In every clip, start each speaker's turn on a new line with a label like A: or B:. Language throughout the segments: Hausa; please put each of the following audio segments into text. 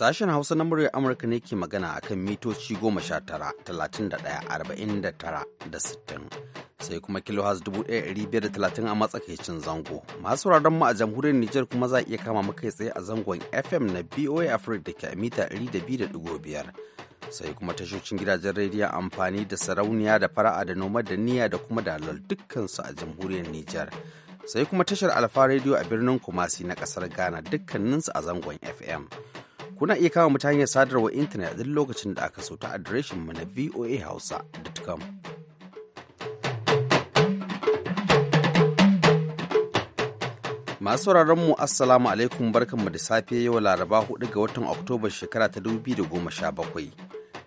A: Sashen Hausa na muryar Amurka ne ke magana a kan mitoci sha tara talatin da sittin sai kuma kilohaz 1530 a matsakaicin zango. Masu wuraren mu a jamhuriyar Nijar kuma za a iya kama maka tsaye a zangon FM na BOA Africa da ke a mita biyar Sai kuma tashocin gidajen rediyon amfani da sarauniya da fara'a da noma da niyya da kuma dalar dukkansu a jamhuriyar Nijar. Sai kuma tashar Alfa Radio a birnin Kumasi na kasar Ghana dukkaninsu a zangon FM. kuna iya kama mutane hanyar sadarwa intanet duk lokacin da aka so ta adireshin mu na voahausa.com. Masu sauraron mu Assalamu alaikum barkanmu da safe yau Laraba 4 ga watan Oktoba shekara ta 2017.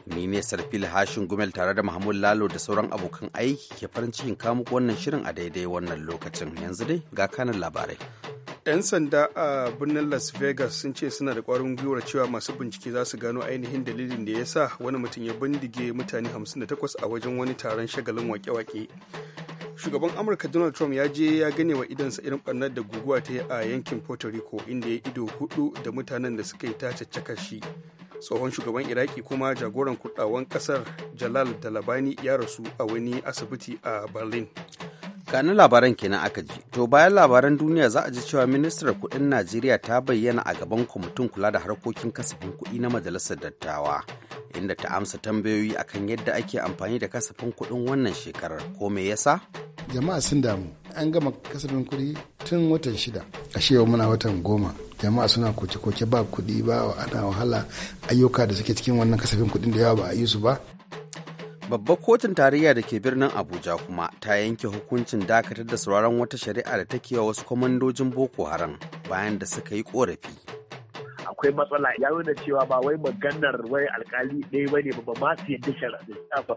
A: Ni ne Sarfil Hashin Gumel tare da Mahmud Lalo da sauran abokan aiki ke farin cikin kamuku wannan shirin a daidai wannan lokacin yanzu dai ga kanan labarai.
B: 'yan sanda a birnin las vegas sun ce suna da kwarin gwiwar cewa masu bincike za su gano ainihin dalilin da ya sa wani mutum ya bindige mutane 58 a wajen wani taron shagalin wake-wake shugaban amurka donald trump ya je ya gane wa idansa irin barnar da guguwa ta yi a yankin puerto rico inda ya ido hudu da mutanen da suka yi ta caccaka shi tsohon shugaban iraki kuma jagoran kudawan kasar jalal dalabani ya rasu a wani asibiti a berlin
A: kanin labaran kenan aka ji to bayan labaran duniya za a ji cewa ministar kudin najeriya ta bayyana a gaban kwamitin kula da harkokin kasafin kuɗi na majalisar dattawa inda ta amsa tambayoyi akan yadda ake amfani da kasafin kuɗin wannan shekarar ko me yasa
C: jama'a sun damu an gama kasafin kuɗi tun watan shida a shewa muna watan goma jama'a suna koke-koke ba kuɗi ba ana wahala ayyuka da suke cikin wannan kasafin kuɗin da yawa ba a yi su ba
A: babbar kotun tarayya da ke birnin abuja kuma ta yanke hukuncin dakatar da sauraron wata shari'a da take wa wasu kwamandojin boko haram bayan da suka yi korafi
D: akwai matsala ya nuna cewa ba wai maganar wai alkali ɗaya ne ba ba ma su yadda shari'a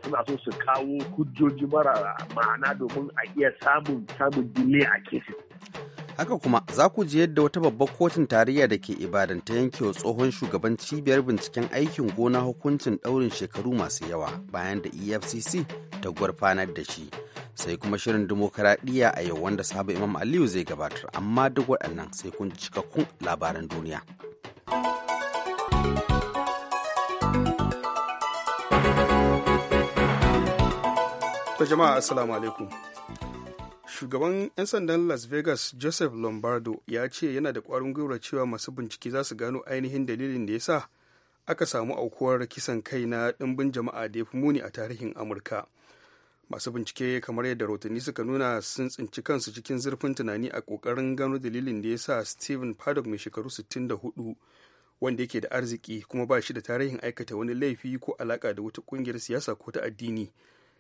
D: suna so su kawo kujjoji mara ma'ana domin a iya samun samun dille a kesin
A: haka kuma za ku ji yadda wata babbar kotun tarayya da ke ibadan ta yanke wa tsohon shugaban cibiyar binciken aikin gona hukuncin ɗaurin shekaru masu yawa bayan da efcc ta gwarfanar da shi sai kuma shirin dimokuraɗiyya a yau wanda sabo imam aliyu zai gabatar amma duk waɗannan sai kun cikakkun labaran
B: duniya jama'a assalamu alaikum shugaban 'yan sandan las vegas joseph lombardo ya ce yana da kwarin gwiwar cewa masu bincike za su gano ainihin dalilin da ya sa aka samu aukuwar kisan kai na ɗimbin jama'a da ya fi muni a tarihin amurka masu bincike kamar yadda rahotanni suka nuna sun tsinci kansu cikin zurfin tunani a kokarin gano dalilin da ya sa steven paddock mai shekaru 64 wanda yake da arziki kuma ba shi da tarihin aikata wani laifi ko alaka da wata ƙungiyar siyasa ko ta addini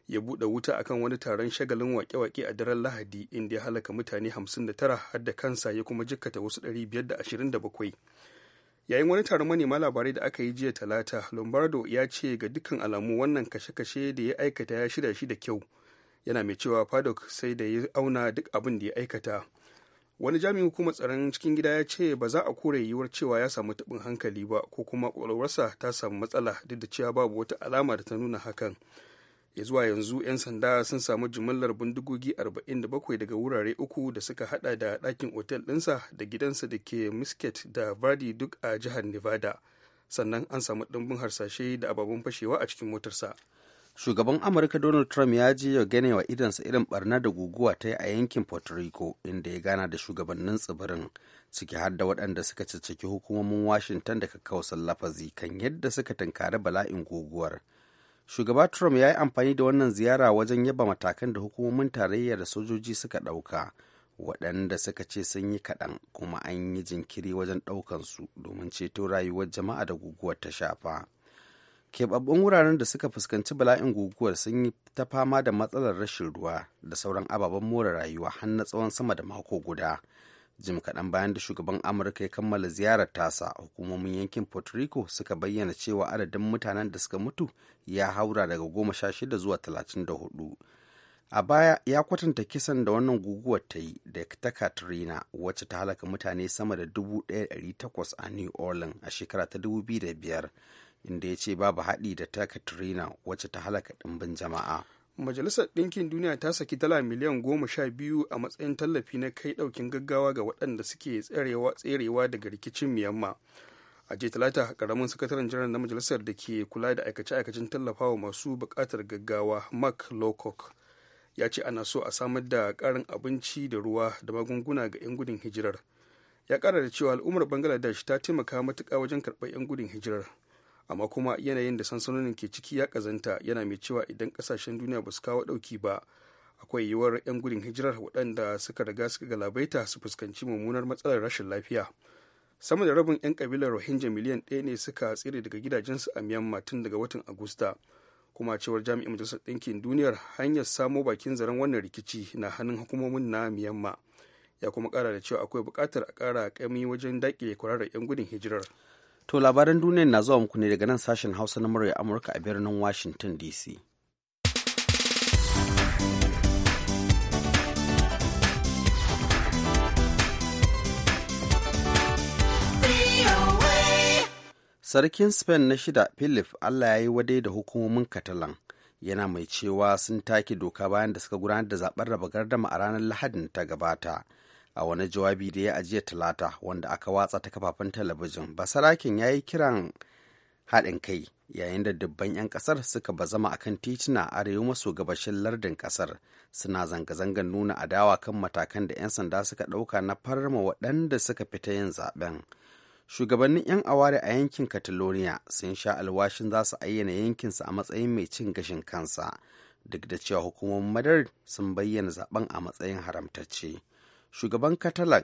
B: ya buɗe wuta akan wani taron shagalin wake-wake a daren lahadi inda ya halaka mutane 59 har da kansa ya kuma jikkata wasu 527 yayin wani taron manema labarai da aka yi jiya talata lombardo ya ce ga dukkan alamu wannan kashe-kashe da ya aikata ya shirya shi da kyau yana mai cewa paddock sai da ya auna duk abin da ya aikata wani jami'in hukumar tsaron cikin gida ya ce ba za a kore yiwuwar cewa ya samu tabin hankali ba ko kuma kwalwarsa ta samu matsala duk da cewa babu wata alama da ta nuna hakan ya zuwa yanzu 'yan sanda sun samu jimillar bindigogi 47 daga wurare uku da suka hada da ɗakin otel ɗinsa da gidansa da ke misket da vardy duk a jihar nevada sannan an samu ɗimbin harsashe da ababen fashewa a cikin motarsa
A: shugaban amurka donald trump ya je ya gane wa idansa irin barna da guguwa ta yi a yankin puerto rico inda ya gana da shugabannin tsibirin ciki har da waɗanda suka cicciki hukumomin washington da kakkausan lafazi kan yadda suka tunkari bala'in guguwar shugaba trump ya yi amfani da wannan ziyara wajen yaba matakan da hukumomin tarayya da sojoji suka ɗauka waɗanda suka ce sun yi kaɗan kuma an yi jinkiri wajen ɗaukansu domin ceto rayuwar jama'a da guguwar ta shafa keɓaɓɓun wuraren da suka fuskanci bala'in guguwar sun yi ta fama da matsalar rashin ruwa da sauran ababen more rayuwa har na tsawon sama da mako guda jim kaɗan bayan da shugaban amurka ya kammala ziyarar tasa hukumomin yankin puerto rico suka bayyana cewa adadin mutanen da suka mutu ya haura daga goma sha shida zuwa talatin da hudu a baya ya kwatanta kisan da wannan guguwar ta yi da ta katrina wacce ta halaka mutane sama da dubu takwas a new orleans a shekara ta dubu biyu da biyar inda ya ce babu haɗi da ta katrina wacce ta halaka ɗimbin jama'a
B: majalisar ɗinkin duniya ta saki dala miliyan goma sha biyu a matsayin tallafi na kai ɗaukin gaggawa ga waɗanda suke tserewa daga rikicin miyamma a jiya talata ƙaramin sakataren jiran na majalisar da ke kula da aikace-aikacen tallafawa masu buƙatar gaggawa mark lowcock ya ce ana so a samar da ƙarin abinci da ruwa da magunguna ga 'yan gudun hijirar ya ƙara da cewa al'ummar bangladesh ta taimaka matuƙa wajen karɓar 'yan gudun hijirar amma kuma yanayin da sansanonin ke ciki ya kazanta yana mai cewa idan kasashen duniya ba su kawo ɗauki ba akwai yiwuwar 'yan gudun hijirar waɗanda suka riga suka galabaita su fuskanci mummunar matsalar rashin lafiya sama da rabin 'yan kabilar rohingya miliyan ɗaya ne suka tsere daga gidajensu a myanmar tun daga watan agusta kuma cewar jami'in majalisar ɗinkin duniyar hanyar samo bakin zaren wannan rikici na hannun hukumomin na myanmar ya kuma kara da cewa akwai bukatar a ƙara ƙami wajen daƙile kwararar 'yan gudun hijirar
A: To labaran duniyar na zuwa muku ne daga nan sashen Hausa na murya Amurka a birnin Washington DC. Sarkin Spain na shida Philip Allah ya yi wadai da hukumomin Catalan yana mai cewa sun take doka bayan da suka gudanar da zaben raba gardama a ranar Lahadin ta gabata. a wani jawabi da ya ajiye talata wanda aka watsa ta kafafen talabijin basarakin ya yi kiran haɗin kai yayin da dubban 'yan ƙasar suka bazama akan tituna arewa maso gabashin lardin ƙasar suna zanga zangan nuna adawa kan matakan da 'yan sanda suka ɗauka na farma waɗanda suka fita yin zaɓen shugabannin 'yan aware a yankin catalonia sun sha alwashin za su ayyana yankinsa a matsayin mai cin gashin kansa duk da cewa hukumomin madar sun bayyana zaben a matsayin haramtacce. shugaban catalan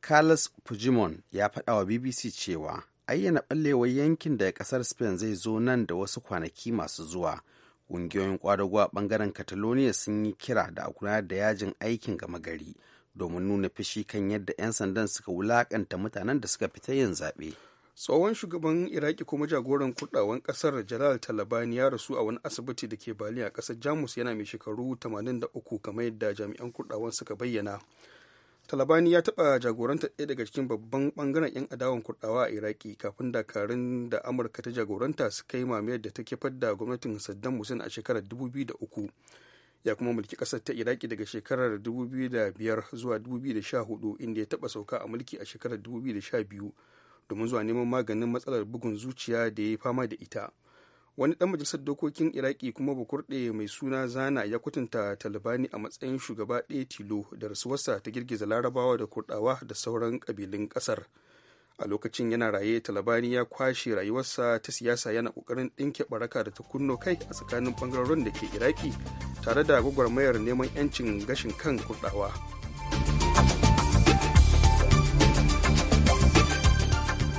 A: carlos puigdemont ya faɗa wa bbc cewa ayyana ɓallewar yankin daga ƙasar spain zai zo nan da wasu kwanaki masu zuwa ƙungiyoyin ƙwadago a ɓangaren catalonia sun yi kira da a gudanar da yajin aikin gama gari domin nuna fushi kan yadda 'yan sandan suka wulakanta mutanen da suka fita
B: yin zaɓe. tsohon shugaban iraki kuma jagoran kudawan kasar jalal talabani ya rasu a wani asibiti da ke bali a kasar jamus yana mai shekaru 83 kamar yadda jami'an kudawan suka bayyana talabani ya taɓa jagoranta ɗaya daga cikin babban ɓangaren 'yan adawan kurɗawa a iraki kafin dakarun da amurka ta jagoranta su kai mamayar da ta kifar da gwamnatin saddam hussein a shekarar 2003 ya kuma mulki ƙasar ta iraki daga shekarar 2005 zuwa 2014 inda ya taɓa sauka a mulki a shekarar 2012 domin zuwa neman maganin matsalar bugun zuciya da ya yi fama da ita wani dan majalisar dokokin iraki kuma bakurde mai suna zana ya kwatanta talibani a matsayin shugaba ɗaya tilo da rasuwarsa ta girgiza larabawa da kurdawa da sauran kabilun ƙasar a lokacin yana raye talibani ya kwashe rayuwarsa ta siyasa yana ƙoƙarin ɗinke baraka da ta kunno kai a tsakanin ɓangarorin da ke iraki tare da gwagwarmayar neman 'yancin gashin kan kurdawa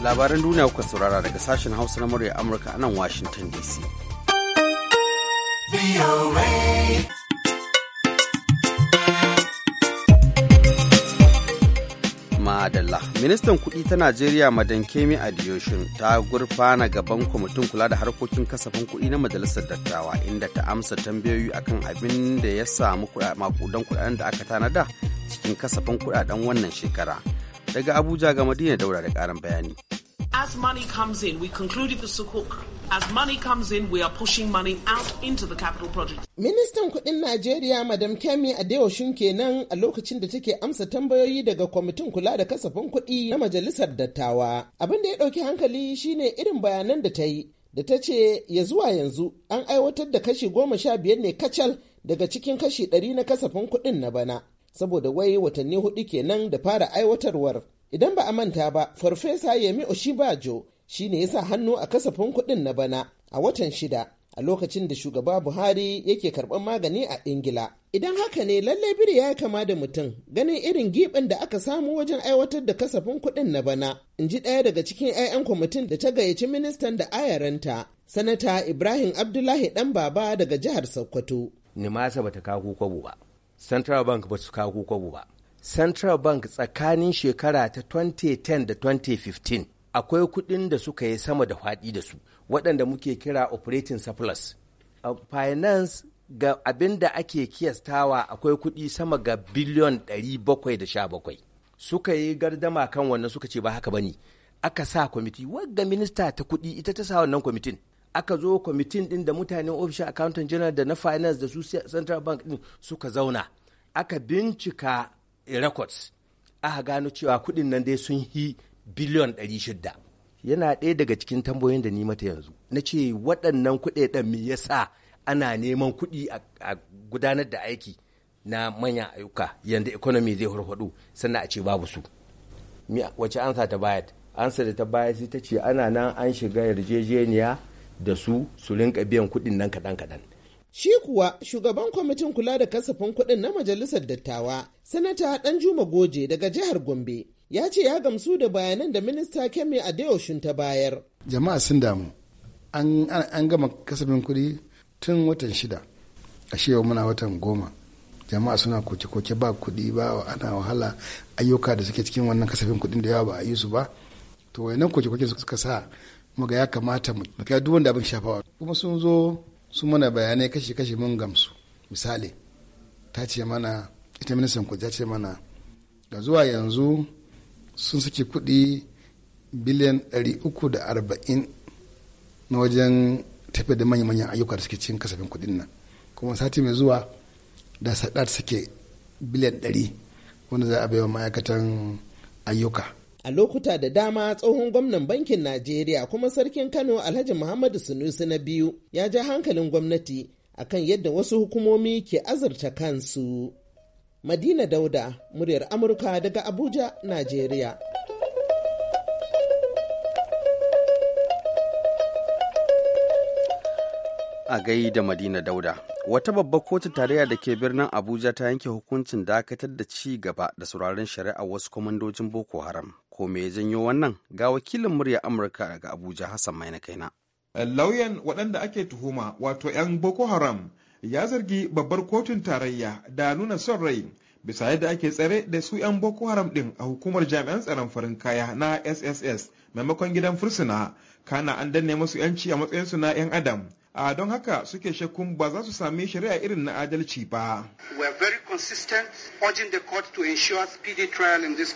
A: labaran duniya kuka saurara daga sashen hausa na murya amurka a nan washington dc Madalla. Ministan kuɗi ta Najeriya madan kemi Adiyoshin ta gurfana gaban kwamitin kula da harkokin kasafin kuɗi na Majalisar Dattawa inda ta amsa tambayoyi akan abin da ya samu makudan kuɗaɗen da aka tanada cikin kasafin kuɗaɗen wannan shekara. Daga Abuja ga Madina Daura da ƙarin
E: bayani. as money comes in, we concluded the Sukuk. As money comes in, we are pushing money out into the capital project. Ministan kudin Najeriya Madam Kemi Adeoshun kenan a lokacin da take amsa tambayoyi daga kwamitin kula da kasafin kuɗi na majalisar dattawa. Abin da ya ɗauki hankali shine irin bayanan da ta yi. Da ta ce ya zuwa yanzu an aiwatar da kashi goma sha biyar ne kacal daga cikin kashi ɗari na kasafin kuɗin na bana. Saboda wai watanni hudu kenan da fara aiwatarwar. Idan ba a manta ba, Farfesa Yemi Oshibajo shi ne ya sa hannu a kasafin kuɗin na bana a watan shida a lokacin da shugaba Buhari yake karɓar magani a Ingila. Idan haka ne lallai biri ya kama da mutum ganin irin giɓin da aka samu wajen aiwatar da kasafin kuɗin na bana, in ji ɗaya daga cikin 'ya'yan kwamitin da ta gayyaci ministan da ayaranta, Sanata Ibrahim Abdullahi ɗan baba daga jihar Sokoto.
F: Nimasa bata kawo kwabo ba, Central Bank ba su kawo kwabo ba, central bank tsakanin shekara ta 2010 da 2015 akwai kuɗin da suka yi sama da faɗi da su waɗanda muke kira operating surplus uh, finance ga abin da ake kiyastawa akwai kuɗi sama ga biliyon 717 suka yi gardama kan wannan suka ce ba haka ba ne aka sa kwamiti wagga minista ta kuɗi ita ta sa wannan kwamitin aka zo kwamitin ɗin da mutanen ofishin accountant general da na finance da su central bank ɗin suka zauna aka bincika records aka gano cewa kuɗin nan dai sun yi biliyon 600 yana ɗaya daga cikin tambayoyin da ni mata yanzu na ce waɗannan kuɗe kuɗaɗen me yasa ana neman kuɗi a gudanar da aiki na manyan ayyuka yadda economy zai hurhudu sannan a ce babu su wace ansa ta bayar ansa da ta bayar sai ta ce ana nan an shiga yarjejeniya da su su rinka biyan kuɗin nan kaɗan kaɗan
E: Shi kuwa shugaban kwamitin kula da kasafin kuɗin na majalisar dattawa, Sanata Ɗanjuma Goje daga jihar Gombe, ya ce ya gamsu da bayanan da minista
C: Kemi Adeoshun ta bayar. Jama'a sun damu, an gama kasafin kuɗi tun watan shida, a yau muna watan goma. Jama'a suna koke-koke ba kuɗi ba ana wahala ayyuka da suke cikin wannan kasafin kuɗin da yawa ba a yi su ba. To wayannan koke-koke suka sa muga ya kamata mu kai duk wanda abin shafawa kuma sun zo su mana bayanai kashi kashi mun gamsu misali ta ce mana ita ministan kudi ce mana ga zuwa yanzu sun saki kudi biliyan 340 na wajen tafiya da manya-manyan ayyuka da suke cikin kasafin kudin nan kuma sati mai zuwa da sadar suke biliyan 100 wanda za a baiwa ma'aikatan ayyuka A lokuta da dama
E: tsohon gwamnan bankin Najeriya kuma sarkin Kano Alhaji Muhammadu Sunusi na biyu ya ja hankalin gwamnati akan yadda wasu hukumomi ke azurta kansu. Madina Dauda, muryar Amurka daga Abuja, Najeriya.
A: A gai da Madina Dauda. wata babbar kotun tarayya da ke birnin abuja ta yanke hukuncin dakatar da ci gaba da sauraron shari'a wasu kwamandojin boko haram ko me ya janyo wannan ga
C: wakilin murya amurka daga abuja hassan mai na kaina eh, lauyan waɗanda ake tuhuma wato 'yan boko haram ya zargi babbar kotun tarayya da nuna son rai bisa yadda ake tsare da su 'yan boko haram din a hukumar jami'an tsaron farin kaya na sss maimakon gidan fursuna kana an danne masu 'yanci a matsayinsu na 'yan adam a don haka suke shakkun ba za su sami shari'a irin na adalci ba.
B: We are very consistent
G: urging the court to ensure speedy trial in this,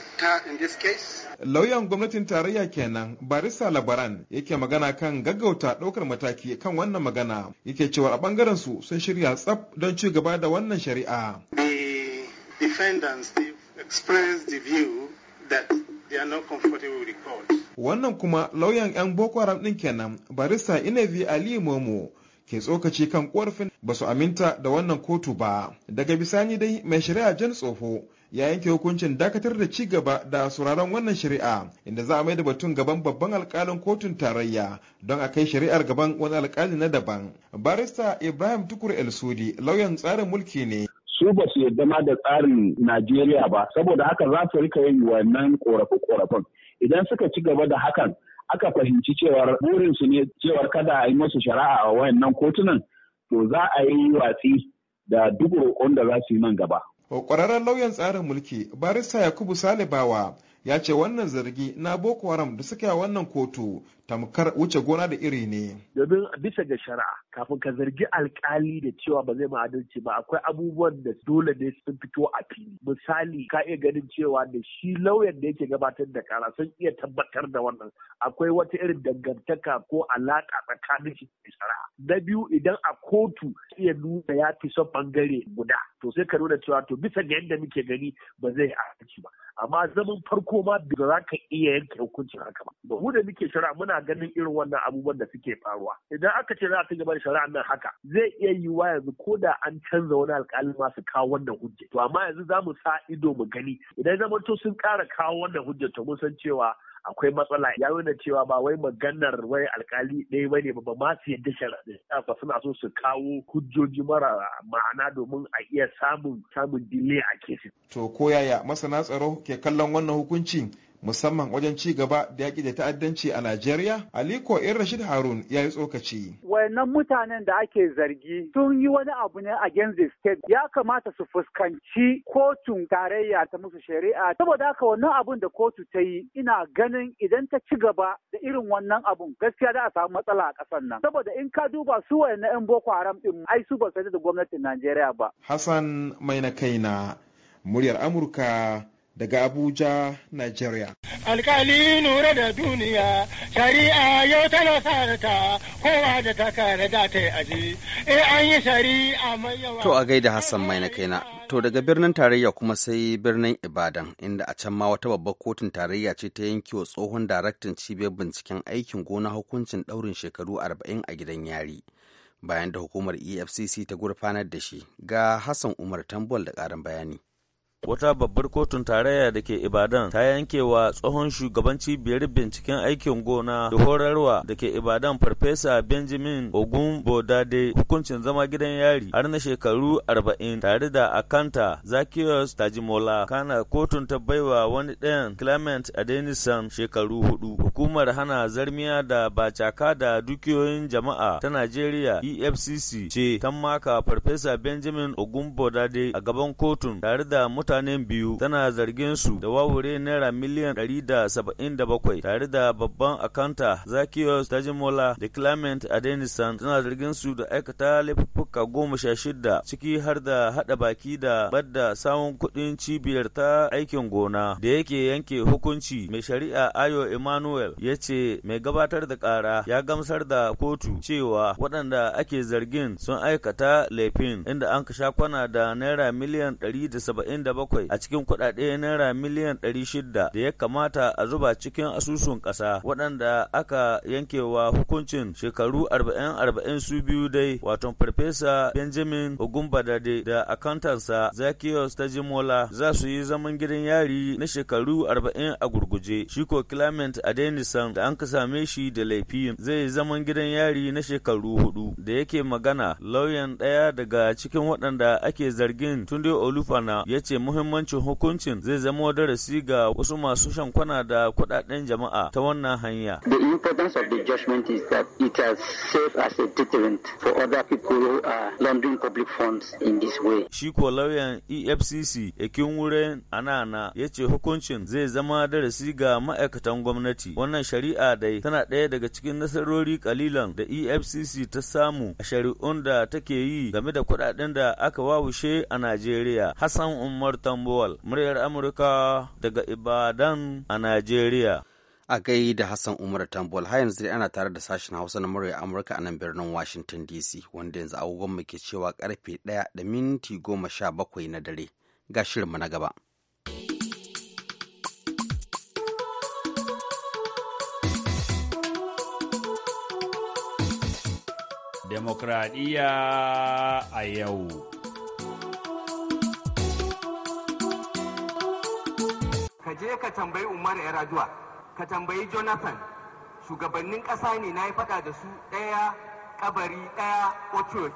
G: case.
C: Lauyan gwamnatin tarayya kenan Barista Labaran yake magana kan gaggauta ɗaukar mataki kan wannan magana yake cewa a ɓangaren su sun shirya tsaf don ci gaba da wannan shari'a. The defendants expressed the view that they are not comfortable with the court. wannan kuma lauyan 'yan boko haram ɗin kenan barista inavi ali momo ke tsokaci kan korafin ba su aminta da wannan kotu ba daga bisani dai mai shari'a jan tsoho ya yanke hukuncin dakatar da ci gaba da sauraron wannan shari'a inda za a mai da batun gaban babban alkalin kotun tarayya don a kai shari'ar gaban wani alkali na daban barista ibrahim tukur el sudi lauyan tsarin mulki ne su ba su yadda ma da tsarin Najeriya ba saboda haka za su rika yin wannan korafe-korafen idan suka ci gaba
D: da hakan aka fahimci cewar burinsu ne cewar kada a yi masu shari'a a wayannan kotunan
C: to za a yi watsi da duk roƙon da za su yi nan gaba. Ƙwararren lauyan tsarin mulki barista Yakubu Salibawa ya ce wannan zargi na boko haram da suka yi wannan kotu tamkar wuce gona da iri ne. Domin bisa ga shari'a kafin
D: ka zargi alkali da cewa ba zai adalci ba akwai abubuwan da dole ne sun fito a fili. Misali ka iya ganin cewa da shi lauyan da yake gabatar da kara sun iya tabbatar da wannan akwai wata irin dangantaka ko alaka tsakanin shi da shari'a. Na biyu idan a kotu iya nuna ya fi son bangare guda to sai ka nuna cewa to bisa ga yadda muke gani ba zai adalci ba. amma zaman farko ma ba za ka iya yanke hukuncin haka ba ba mu da muke shari'a muna ganin irin wannan abubuwan da suke faruwa idan aka ce za a ci gaba da shari'a nan haka zai iya yiwuwa yanzu ko da an canza wani alƙali ma su kawo wannan hujja to amma yanzu za mu sa ido mu gani idan zamanto sun ƙara kawo wannan hujja to mun san cewa akwai matsala ya nuna cewa ba wai maganar wai alkali ɗaya bane ba ma su yadda shari'a ba suna
C: so su kawo hujjoji mara ma'ana domin a iya samun samun dile a kesin. To koyaya masana tsaro ke kallon wannan hukuncin musamman wajen ci gaba da yaƙi da ta'addanci a Najeriya? Aliko in Rashid Harun ya yi tsokaci.
D: Wannan mutanen da ake zargi sun yi wani abu ne a the state ya kamata su fuskanci kotun tarayya ta musu shari'a saboda haka wannan abun da kotu ta yi ina ganin idan ta ci gaba da irin wannan abun gaskiya za a samu matsala a ƙasar nan saboda in ka duba su wayannan 'yan Boko Haram din ai su ba da gwamnatin Najeriya ba.
C: Hassan mai na kaina muryar Amurka daga Abuja, Nigeria.
G: Alkali nura da duniya, shari'a yau tana sarata kowa da ta kare da ta yi aji, e an yi shari'a mai yawa. To
A: a gaida Hassan mai na kaina. To daga birnin tarayya kuma sai birnin Ibadan, inda a can ma wata babbar kotun tarayya ce ta yanke wa tsohon daraktan cibiyar binciken aikin gona hukuncin ɗaurin shekaru arba'in a gidan yari. Bayan da hukumar EFCC ta gurfanar da shi, ga Hassan Umar Tambol da ƙarin bayani.
H: wata babbar kotun tarayya da ke ibadan ta yanke wa tsohon shugaban cibiyar binciken aikin gona da horarwa da ke ibadan farfesa benjamin ogun bodade hukuncin zama gidan yari har na shekaru arba'in tare da akanta zakiyos tajimola kana kotun ta baiwa wani ɗayan clement adenison shekaru hudu hukumar hana zarmiya da bacaka da dukiyoyin jama'a ta najeriya efcc ce ta maka farfesa benjamin ogun bodade a gaban kotun tare da mutane mutanen biyu tana zargin su da wawure naira miliyan 177 tare da babban akanta Zakiyos Tajimola da Clement Adenisan tana zargin su da aikata laifuka goma sha shida ciki har da hada baki da badda samun kudin cibiyar ta aikin gona da yake yanke hukunci mai shari'a Ayo Emmanuel ya ce mai gabatar da kara ya gamsar da kotu cewa waɗanda ake zargin sun aikata laifin inda an kasha kwana da naira miliyan 177 bakwai a cikin kuɗaɗe naira miliyan ɗari shida da ya kamata a zuba cikin asusun ƙasa waɗanda aka yankewa hukuncin shekaru arba'in arba'in su biyu dai wato farfesa benjamin ogunbadade da akantansa zakiyos jimola za su yi zaman gidan yari na shekaru arba'in a gurguje shiko clement adenisan da an ka same shi da laifi. zai yi zaman gidan yari na shekaru hudu da yake magana lauyan ɗaya daga cikin waɗanda ake zargin tunde olufana ya ce muhimmancin hukuncin zai zama darasi ga wasu masu shan kwana da kuɗaɗen jama'a ta wannan hanya. The
F: importance of the judgment is that it has served as a deterrent for other people who are laundering public funds in
H: this way. Shi ko lauyan EFCC Ekin wurin Anana ya ce hukuncin zai zama darasi ga ma'aikatan gwamnati. Wannan shari'a dai tana ɗaya daga cikin nasarori kalilan da EFCC ta samu a shari'un da take yi game da kuɗaɗen da aka wawushe a Najeriya. Hassan Umar Umar Tambuwal, muryar Amurka daga Ibadan a Najeriya. A gai da
A: Hassan Umar Tambuwal har yanzu ana tare da sashen Hausa na muryar Amurka a nan birnin Washington DC wanda yanzu agogon mu ke cewa karfe ɗaya da minti goma sha bakwai na dare. Ga shirinmu na gaba.
I: Demokradiyya a yau.
F: ka je ka tambayi umar raduwa, ka tambayi jonathan shugabannin ƙasa ne na yi faɗa da su ɗaya ƙabari ɗaya
E: oke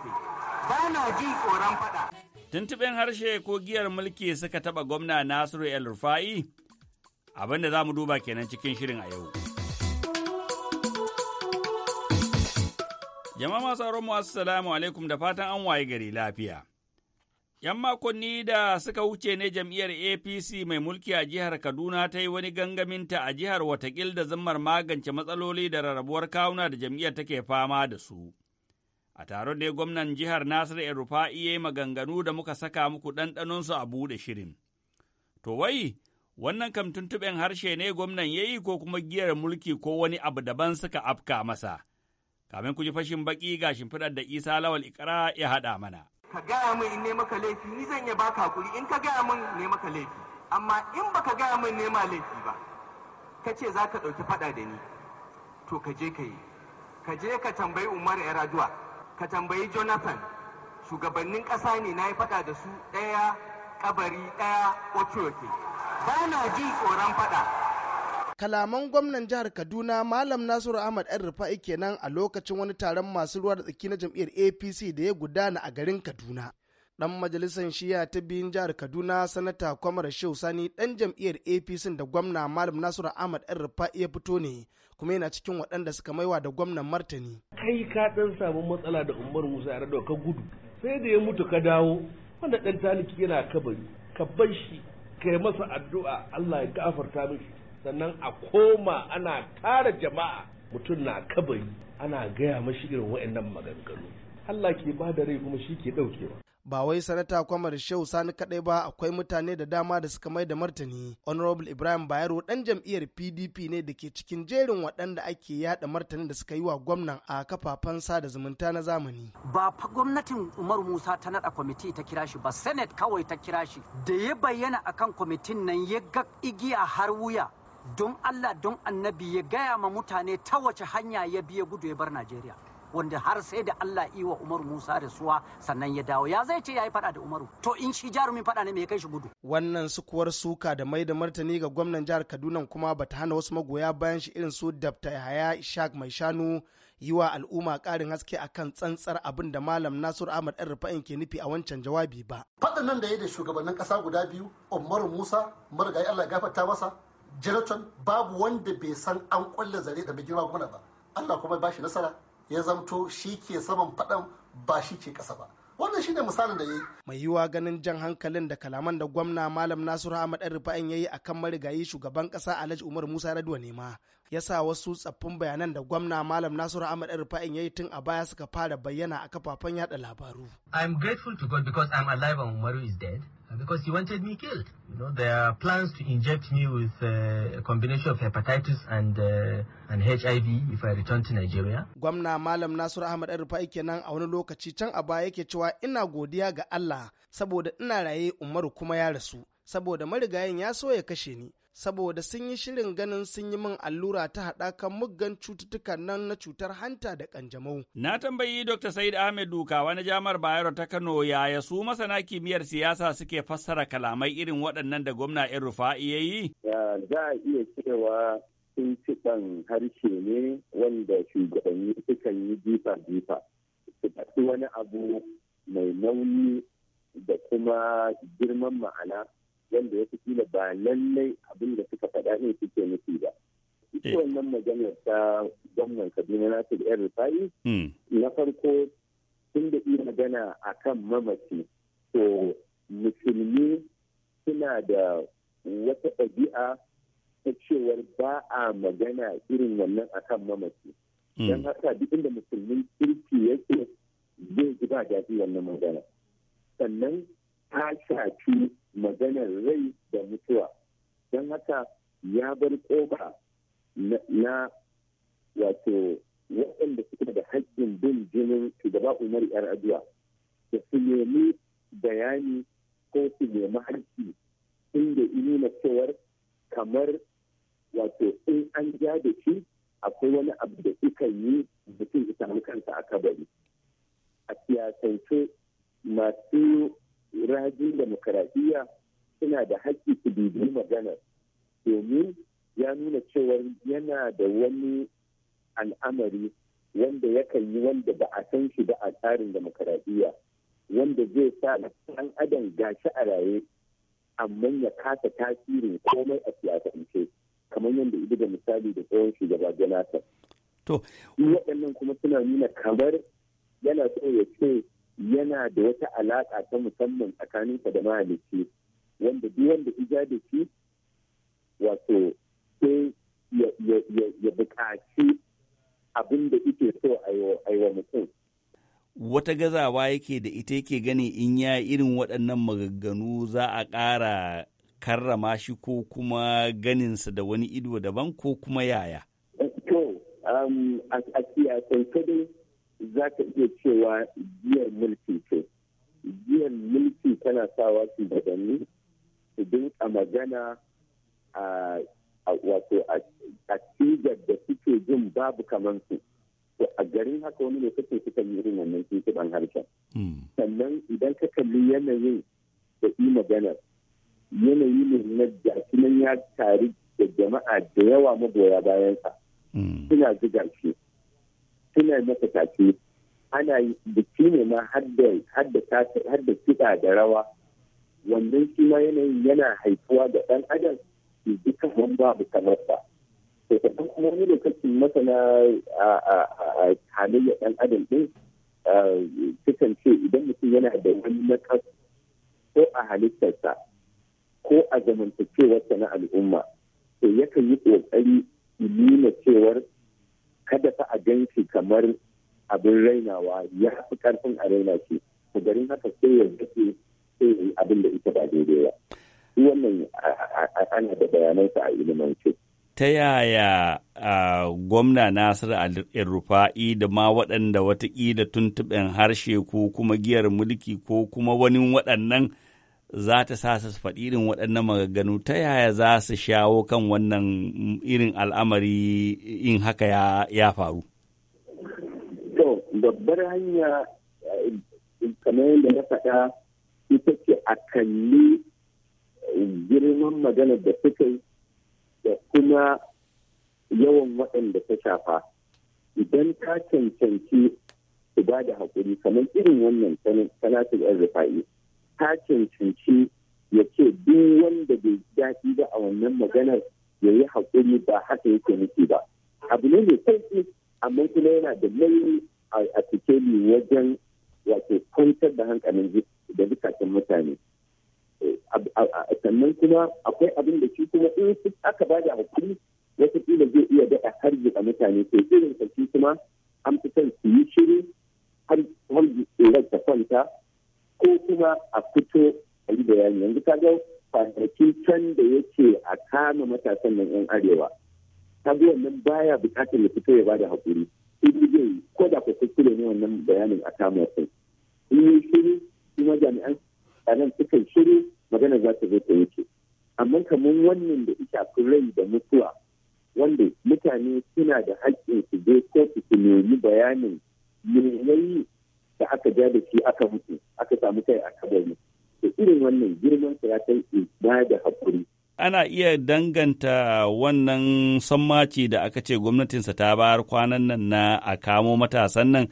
E: ba na jin tsoron faɗa.
I: Tuntuɓin harshe ko giyar mulki suka taɓa gwamna nasiru el rufa'i abinda za mu duba kenan cikin shirin a yau. Jama'a masu mu assalamu alaikum da fatan an waye gari lafiya. ‘Yan makonni da suka wuce ne jam'iyyar APC mai mulki a jihar Kaduna ta yi wani gangaminta a jihar watakil da zammar magance matsaloli da rarrabuwar kawuna da jam'iyyar take fama da su. A taron ne gwamnan jihar Nasiru El Rufa'i ya yi maganganu da muka saka muku ɗanɗanonsu a buɗe shirin. To wai, wannan kam tuntuɓen harshe ne gwamnan ya yi ko kuma giyar mulki ko wani abu daban suka afka masa. Kamin ku ji fashin baƙi ga shimfiɗar da Isa Lawal Ikra ya haɗa mana.
F: ka gaya min in maka laifi ni zan iya baka hakuri in ka gaya min ne maka laifi amma in baka gaya min nema laifi ba ka ce za ka ɗauki faɗa da ni to ka je ka yi ka je ka tambayi umar yaraduwa ka tambayi jonathan shugabannin ƙasa ne na yi faɗa da su ɗaya ƙabari ɗaya
G: wacce ba na jin tsoron faɗa kalaman gwamnan jihar kaduna malam nasiru ahmad yan rufa'i kenan a lokacin wani taron masu ruwa da tsaki na jam'iyyar apc da ya gudana a garin kaduna dan majalisar shiya ta biyun jihar kaduna sanata kwamar shehu sani dan jam'iyyar apc da gwamna malam nasiru ahmad yan rufa'i ya fito ne kuma yana cikin waɗanda suka maiwa da gwamnan martani kai ka dan samu matsala da umar musa ya ka gudu sai da ya mutu ka dawo wanda ɗan taliki yana kabari ka bar shi
D: kai masa addu'a Allah ya gafarta mishi sannan a koma ana tara jama'a mutum na kabari ana gaya mashi irin waɗannan maganganu Allah ke ba da rai kuma shi ke ɗaukewa.
G: ba wai sanata kwamar shehu sani kadai ba akwai mutane da dama da suka mai da martani honorable ibrahim bayero dan jam'iyyar pdp ne da ke cikin jerin waɗanda ake yada martani da suka yi wa gwamnan a kafafen sada zumunta na zamani ba
F: fa gwamnatin umar musa ta nada kwamiti ta kira shi ba senate kawai ta kira shi da ya bayyana akan kwamitin nan ya ga igiya har wuya don Allah don annabi ya gaya ma mutane ta wace hanya ya biya gudu ya bar Najeriya wanda har sai da Allah iwa Umaru Musa da suwa sannan ya dawo ya zai ce ya yi fada da Umaru to in shi jarumin fada ne me kai shi gudu
G: wannan sukuwar suka da mai da martani ga gwamnan jihar Kaduna kuma bata hana wasu magoya bayan shi irin su Dr. Yahaya Ishaq mai shanu yi wa al'umma karin haske a kan tsantsar abin da malam Nasiru Ahmad ɗan Rufa'in ke nufi a wancan jawabi ba.
E: fadin nan da ya da shugabannin ƙasa guda biyu, Umaru Musa, marigayi Allah gafarta masa, jiraton babu wanda bai san an kulle zare da bai guna ba allah kuma ba shi nasara ya zamto shi ke saman faɗan ba shi ke ƙasa ba wannan shine misalin da ya yi.
G: Mai yiwuwa ganin jan hankalin da kalaman da gwamna Malam Nasiru Ahmad Rufa'in ya yi a kan marigayi shugaban ƙasa Alhaji Umar Musa Raduwa ne ma. Ya sa wasu tsaffin bayanan da gwamna Malam Nasiru Ahmad Rufa'in ya yi tun a baya suka fara bayyana a kafafen yada labaru.
F: I am grateful to God because I am alive and Umaru is dead. Uh, because he wanted me killed.
G: You know,
E: there are plans to inject me with uh, a combination of hepatitis and uh,
F: and HIV if I return to Nigeria.
G: Gwamna Malam Nasiru Ahmad Rufai kenan a wani lokaci can a baya yake cewa ina godiya ga Allah saboda ina raye Umaru kuma ya rasu saboda marigayin ya so ya kashe ni saboda sun yi shirin ganin sun yi min allura ta haɗakan muggan cututtukan nan na cutar hanta da kanjamau.
I: Na tambayi Dr. Said Ahmed Duka wani jamar Bayero ta Kano yaya su masana kimiyyar siyasa suke fassara kalamai irin waɗannan da gwamna ‘yan rufa'i ya yi?
J: Za a iya cewa sun ci ɗan harshe ne wanda shugabanni sukan yi jifa-jifa. Su faɗi wani abu mai nauyi da kuma girman ma'ana wanda ya fi ba lallai abin da suka faɗa ne suke nufi ba. Ita eh. wannan maganar ta gwamnan Kaduna na da 'yar rufa'i hmm. na farko sun da iya magana a kan mamaci to musulmi suna da wata ɗabi'a ta cewar ba a magana irin wannan a kan mamaci. Hmm. Don haka duk inda musulmin kirki yake zai ji ba daɗi wannan magana. Sannan ta shafi maganar rai da mutuwa don haka ya bar koba na wato waɗanda suke da haƙƙin bin jinin shugaba umar yar aduwa da su nemi bayani ko su nemi haƙƙi inda na cewar kamar wato in an ja da shi akwai wani abu da suka yi mutum ya samu kansa a kabari a siyasance masu rajin demokaradiyya suna da haƙƙi su bibi magana domin ya nuna cewa yana da wani al'amari wanda yakan yi wanda ba a san shi ba a tsarin demokaradiyya wanda zai sa ɗan adam gashi a raye amma ya kasa tasirin komai a siyasance kamar yadda ido da misali da tsohon shugaba jonathan to waɗannan kuma suna nuna kamar yana so ya ce yana da wata alaƙa ta musamman tsakaninsa da mahalicci wanda duk wanda ija da shi wato sai ya buƙaci abin da ike so a yi wa mutum.
I: Wata gazawa yake da ita yake gani in ya irin waɗannan maganganu za a ƙara karrama shi ko kuma ganinsa da wani ido daban ko kuma yaya.
J: To, um, a siyasance dai za ka iya cewa giyar mulki ce Biyan mulki tana sawa su gudanni su dinka magana a wato a cigar da suke jin babu kamar su to a garin haka wani ne kake suka yi irin wannan ban harshen hmm. sannan idan ka kalli yanayin da yi maganar yanayi ne na gashi ya tari da jama'a da yawa magoya bayansa hmm. suna ziga shi suna masa take ana biki ne ma har da kiɗa da rawa wannan shi ma yanayin yana haifuwa da ɗan adam duka wani babu kamar sa to kaɗan kuma wani lokacin masana a halayyar ɗan adam ɗin sukan ce idan mutum yana da wani nakas ko a halittarsa ko a zamantakewarsa na al'umma to yakan yi ƙoƙari nuna cewar kada ta a kamar abin rainawa ya fi karfin a raina shi to garin haka sai ya zake sai abin da ita ba daidai ba shi wannan ana da bayanansa a ilimance
I: ta yaya gwamna Nasiru El-Rufa'i da ma waɗanda watakila tuntuɓen harshe ko kuma giyar mulki ko kuma wani waɗannan za ta sa su faɗi irin waɗannan maganganu ta yaya za su shawo kan wannan irin al'amari in haka ya, faru?
J: To, babbar hanya eh, kamar yadda na faɗa ita ce a kalli eh, girman magana da suka yi da kuma yawan waɗanda ta shafa. Idan ta cancanci su ba da haƙuri kamar irin wannan sanatu yan rufa'i. ta cancanci ya ce duk wanda bai daɗi ba a wannan maganar ya yi haƙuri ba haka yake nufi ba abu ne mai sauƙi amma kuma yana da nauyi a cikin wajen wato kwantar da hankalin da zukatan mutane eh, sannan kuma akwai abin da shi kuma in su aka ba da haƙuri watakila zai iya daɗa a mutane sai irin shi kuma an fi son su yi shiru har tsoron ta kwanta ko kuma a fito a yi bayani yanzu ka ga kwanaki can da yake a kama matasan nan yan arewa ka ga wannan baya bukatar ya fito ya bada hakuri idan zai ko da ko kuskure ne wannan bayanin a kama sai in yi shiru kuma jami'an tsaron sukan shiru magana za ta zo ta wuce amma kamar wannan da ita rai da mutuwa wanda mutane suna da haƙƙin su je kotu su nemi bayanin yayi da aka ja da shi aka mutu aka samu kai a kabari da irin wannan girman sa ya kai ba da hakuri
I: ana iya danganta wannan sammaci da aka ce gwamnatinsa ta bayar kwanan nan na a kamo matasan nan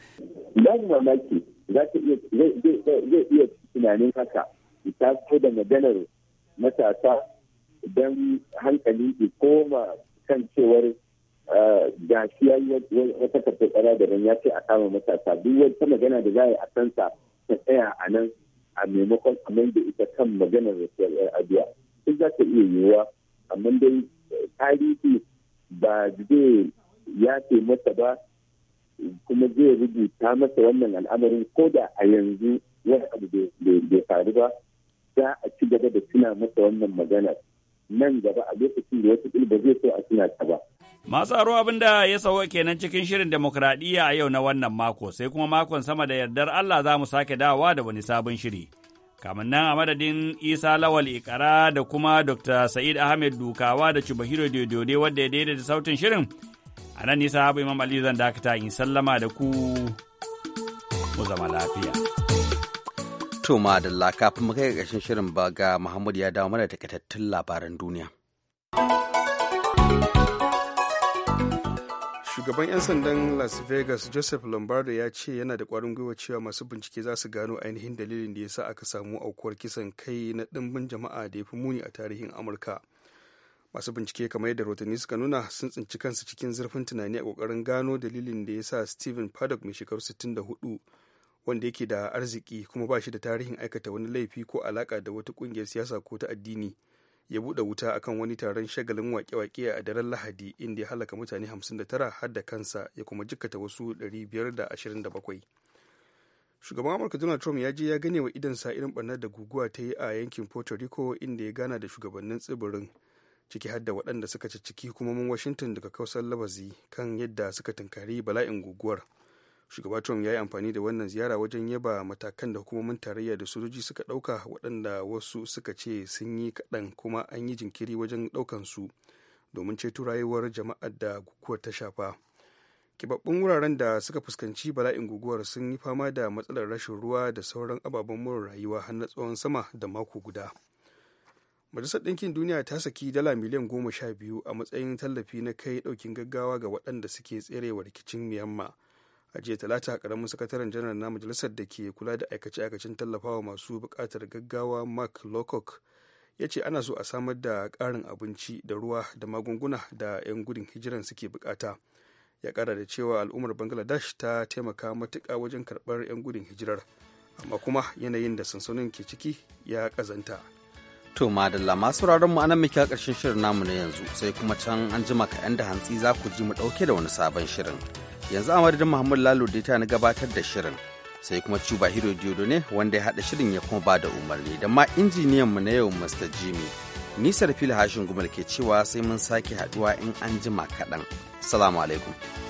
J: babu mamaki za ta iya zai iya tunanin haka ta so da maganar matasa don hankali ya koma kan cewar eh, shi ya yi wata karfe tsara da ya ce a kama matasa duk wata magana da za a yi a kansa ta tsaya a nan a maimakon a da ita kan maganar rasuwar yar abiya duk za ta iya yiwuwa amma dai eh, tarihi ba zai yafe mata ba kuma zai rubuta masa wannan al'amarin ko da a yanzu wani abu bai faru ba za a ci gaba da tuna masa wannan magana nan gaba a lokacin da wata ba zai so a tuna ta ba
I: Masu aro abin da ya sauwa kenan cikin shirin demokradiyya a yau na wannan mako, sai kuma makon sama da yardar Allah za mu sake dawa da wani sabon shiri. Kamin nan a madadin Isa Lawal Ikara da kuma Dr. Sa'id Ahmed Dukawa da Cibahiro Dodode wadda ya daidaita sautin shirin, a nan nisa abu Imam Ali zan dakata in sallama da ku
A: mu zama lafiya. To da kafin mu kai ƙarshen shirin ba ga Muhammad ya dawo mana takaitattun labaran duniya.
B: shugaban 'yan sandan las vegas joseph lombardo ya ce yana da kwarin gwiwa cewa masu bincike za su gano ainihin dalilin da ya sa aka samu aukuwar kisan kai na ɗimbin jama'a da ya fi muni a tarihin amurka masu bincike kamar yadda rotanni suka nuna sun tsinci kansu cikin zurfin tunani a kokarin gano dalilin da ya sa stephen paddock mai shekaru 64 wanda yake da arziki kuma ba shi da tarihin aikata wani laifi ko alaka da wata kungiyar siyasa ko ta addini ya buɗe wuta akan wani taron shagalin wake-wake a daren lahadi inda ya halaka mutane 59 har da kansa ya kuma jikkata wasu 527 shugaban amurka donald trump ya je ya gane wa sa irin barnar da guguwa ta yi a yankin puerto rico inda ya gana da shugabannin tsibirin ciki har waɗanda suka ciki kuma hukumomin washington daga kausar labazi kan yadda suka tunkari bala'in guguwar shugaba trump ya yi amfani da wannan ziyara wajen yaba matakan da hukumomin tarayya da sojoji suka dauka waɗanda wasu suka ce sun yi kaɗan kuma an yi jinkiri wajen ɗaukan su domin ceto rayuwar jama'ar da guguwar ta shafa kibabbun wuraren da suka fuskanci bala'in guguwar sun yi fama da matsalar rashin ruwa da sauran ababen more rayuwa har na tsawon sama da mako guda majalisar ɗinkin duniya ta saki dala miliyan goma sha biyu a matsayin tallafi na kai ɗaukin gaggawa ga waɗanda suke tserewa rikicin myanmar a jiya talata karamin sakataren janar na majalisar da ke kula da aikace-aikacen tallafawa masu bukatar gaggawa mark lowcock ya ce ana so a samar da karin abinci da ruwa da magunguna da 'yan gudun hijiran suke bukata ya kara da cewa al'ummar bangladesh ta taimaka matuka wajen karɓar 'yan gudun hijirar amma kuma yanayin da sansanin ke ciki ya kazanta
A: to madalla masu sauraron mu anan muke ƙarshen shirin namu na yanzu sai kuma can an jima ka da hantsi za ku ji mu ɗauke da wani sabon shirin yanzu a madadin muhammadu lalo da ta na gabatar da shirin sai kuma cuba hiro diodo ne wanda ya haɗa shirin ya kuma ba da umarni da ma injiniyan mu na yau mr jimmy nisar fili hashin gumal ke cewa sai mun sake haɗuwa in an jima kaɗan salamu alaikum